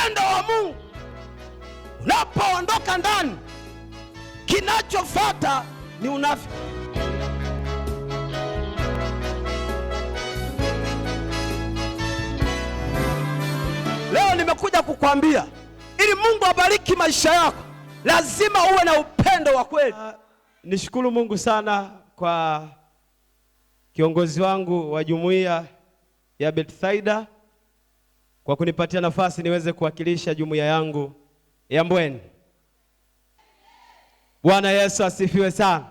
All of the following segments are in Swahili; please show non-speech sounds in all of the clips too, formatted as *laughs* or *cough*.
upendo wa Mungu unapoondoka ndani, kinachofuata ni unafiki. Leo nimekuja kukwambia ili Mungu abariki maisha yako, lazima uwe na upendo wa kweli. Uh, nishukuru Mungu sana kwa kiongozi wangu wa jumuiya ya Bethsaida kwa kunipatia nafasi niweze kuwakilisha jumuiya yangu ya Mbweni. Bwana Yesu asifiwe sana.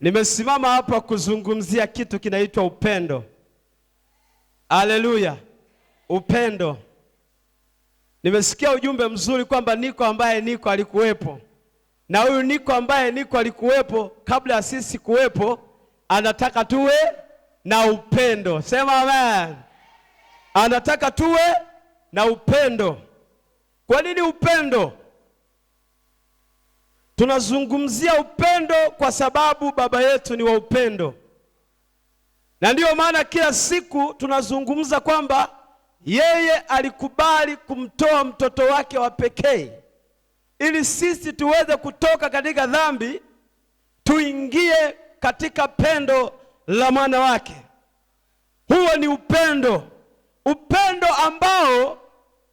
Nimesimama hapa kuzungumzia kitu kinaitwa upendo. aleluya upendo. Nimesikia ujumbe mzuri kwamba Niko ambaye Niko alikuwepo, na huyu Niko ambaye Niko alikuwepo kabla ya sisi kuwepo, anataka tuwe na upendo. Sema amen anataka tuwe na upendo. Kwa nini upendo? Tunazungumzia upendo kwa sababu baba yetu ni wa upendo, na ndiyo maana kila siku tunazungumza kwamba yeye alikubali kumtoa mtoto wake wa pekee ili sisi tuweze kutoka katika dhambi tuingie katika pendo la mwana wake. Huo ni upendo upendo ambao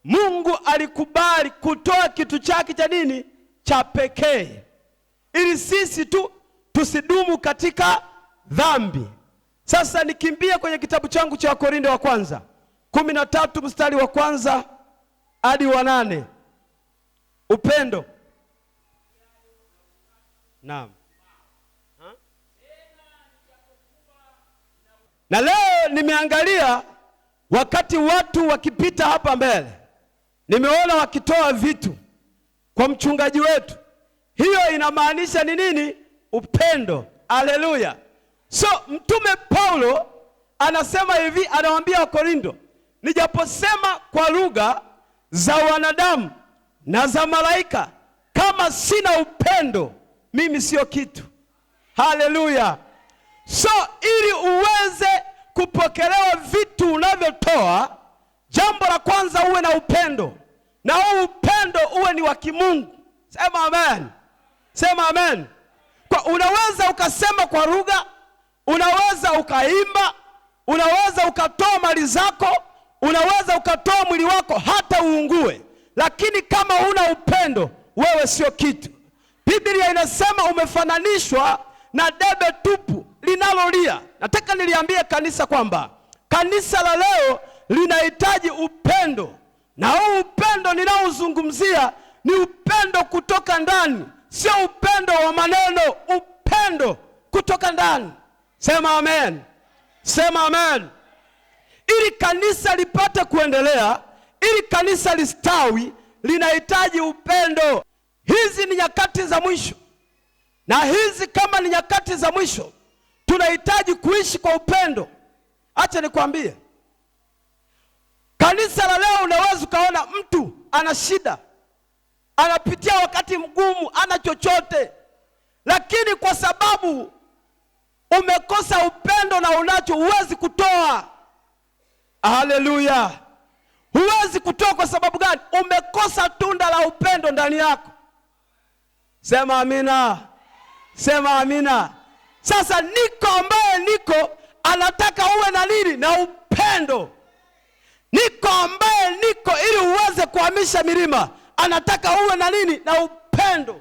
Mungu alikubali kutoa kitu chake cha nini cha pekee, ili sisi tu tusidumu katika dhambi. Sasa nikimbia kwenye kitabu changu cha Wakorintho wa kwanza kumi na tatu mstari wa kwanza hadi wa nane. Upendo naam. Na leo nimeangalia Wakati watu wakipita hapa mbele, nimeona wakitoa vitu kwa mchungaji wetu. Hiyo inamaanisha ni nini? Upendo. aleluya So mtume Paulo anasema hivi, anawaambia korinto nijaposema kwa lugha za wanadamu na za malaika, kama sina upendo, mimi sio kitu. Haleluya! So ili uweze kupokelewa vitu unavyotoa jambo la kwanza uwe na upendo, na huu upendo uwe ni wa kimungu. Sema amen, sema amen. Kwa unaweza ukasema kwa lugha, unaweza ukaimba, unaweza ukatoa mali zako, unaweza ukatoa mwili wako hata uungue, lakini kama una upendo, wewe sio kitu. Biblia inasema umefananishwa na debe tupu linalolia. Nataka niliambie kanisa kwamba Kanisa la leo linahitaji upendo, na huu upendo ninaozungumzia ni upendo kutoka ndani, sio upendo wa maneno, upendo kutoka ndani. Sema amen, sema amen. Ili kanisa lipate kuendelea, ili kanisa listawi, linahitaji upendo. Hizi ni nyakati za mwisho, na hizi kama ni nyakati za mwisho, tunahitaji kuishi kwa upendo. Acha nikwambie, kanisa la leo unaweza ukaona mtu ana shida, anapitia wakati mgumu, ana chochote, lakini kwa sababu umekosa upendo na unacho, huwezi kutoa. Haleluya! huwezi kutoa kwa sababu gani? Umekosa tunda la upendo ndani yako. Sema amina, sema amina. Sasa niko ambaye niko anataka uwe na nini? Na upendo. Niko ambaye niko ili uweze kuhamisha milima, anataka uwe na nini? Na upendo.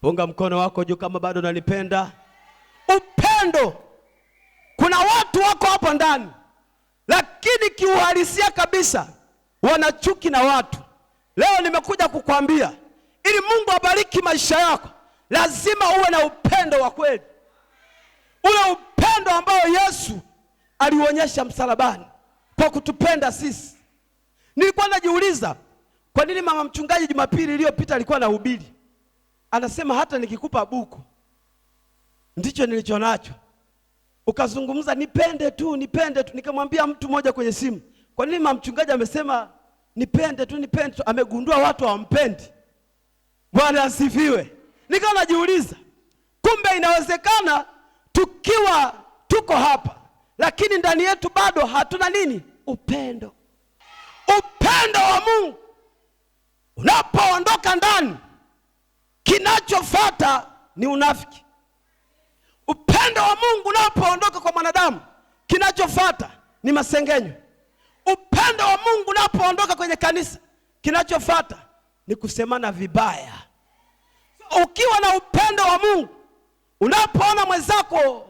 Punga mkono wako juu kama bado unanipenda. Upendo. Kuna watu wako hapa ndani, lakini kiuhalisia kabisa wana chuki na watu. Leo nimekuja kukwambia ili Mungu abariki maisha yako, lazima uwe na upendo wa kweli ule upendo ambao Yesu aliuonyesha msalabani kwa kutupenda sisi. Nilikuwa najiuliza kwa nini mama mchungaji Jumapili iliyopita alikuwa anahubiri anasema hata nikikupa buku ndicho nilicho nacho, ukazungumza nipende tu nipende tu. Nikamwambia mtu mmoja kwenye simu, kwa nini mama mchungaji amesema nipende tu nipende tu? Amegundua watu hawampendi. Bwana asifiwe. Nikawa najiuliza kumbe inawezekana tukiwa tuko hapa, lakini ndani yetu bado hatuna nini? Upendo. Upendo wa Mungu unapoondoka ndani, kinachofuata ni unafiki. Upendo wa Mungu unapoondoka kwa mwanadamu, kinachofuata ni masengenyo. Upendo wa Mungu unapoondoka kwenye kanisa, kinachofuata ni kusemana vibaya. ukiwa na upendo wa Mungu unapoona mwenzako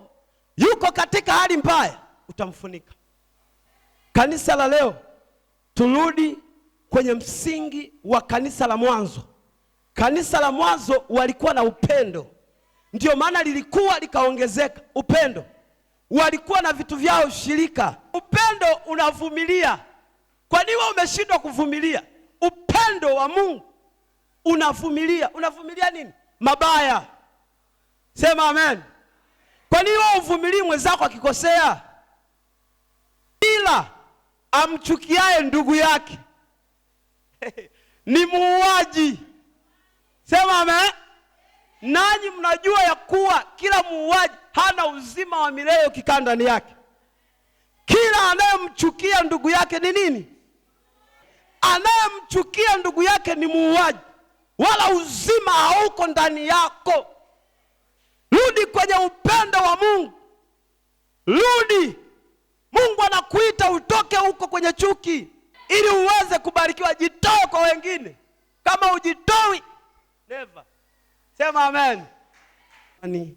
yuko katika hali mbaya, utamfunika. Kanisa la leo, turudi kwenye msingi wa kanisa la mwanzo. Kanisa la mwanzo walikuwa na upendo, ndiyo maana lilikuwa likaongezeka. Upendo walikuwa na vitu vyao, shirika. Upendo unavumilia. Kwa nini umeshindwa kuvumilia? Upendo wa Mungu unavumilia. Unavumilia nini? Mabaya. Sema amen. Kwa nini wewe uvumilii mwenzako akikosea? Ila amchukiaye ndugu yake *laughs* ni muuaji. Sema ame. Nanyi mnajua ya kuwa kila muuaji hana uzima wa milele ukikaa ndani yake. Kila anayemchukia ndugu yake ni nini? Anayemchukia ndugu yake ni muuaji, wala uzima hauko ndani yako rudi kwenye upendo wa Mungu, rudi. Mungu anakuita utoke huko kwenye chuki ili uweze kubarikiwa. Jitoe kwa wengine, kama ujitoi never. Sema amen. Ani,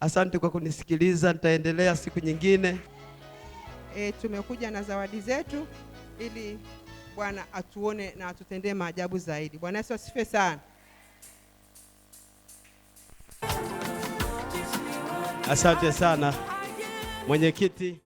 asante kwa kunisikiliza, nitaendelea siku nyingine. E, tumekuja na zawadi zetu ili Bwana atuone na atutendee maajabu zaidi. Bwana Yesu asifiwe sana. Asante sana mwenyekiti.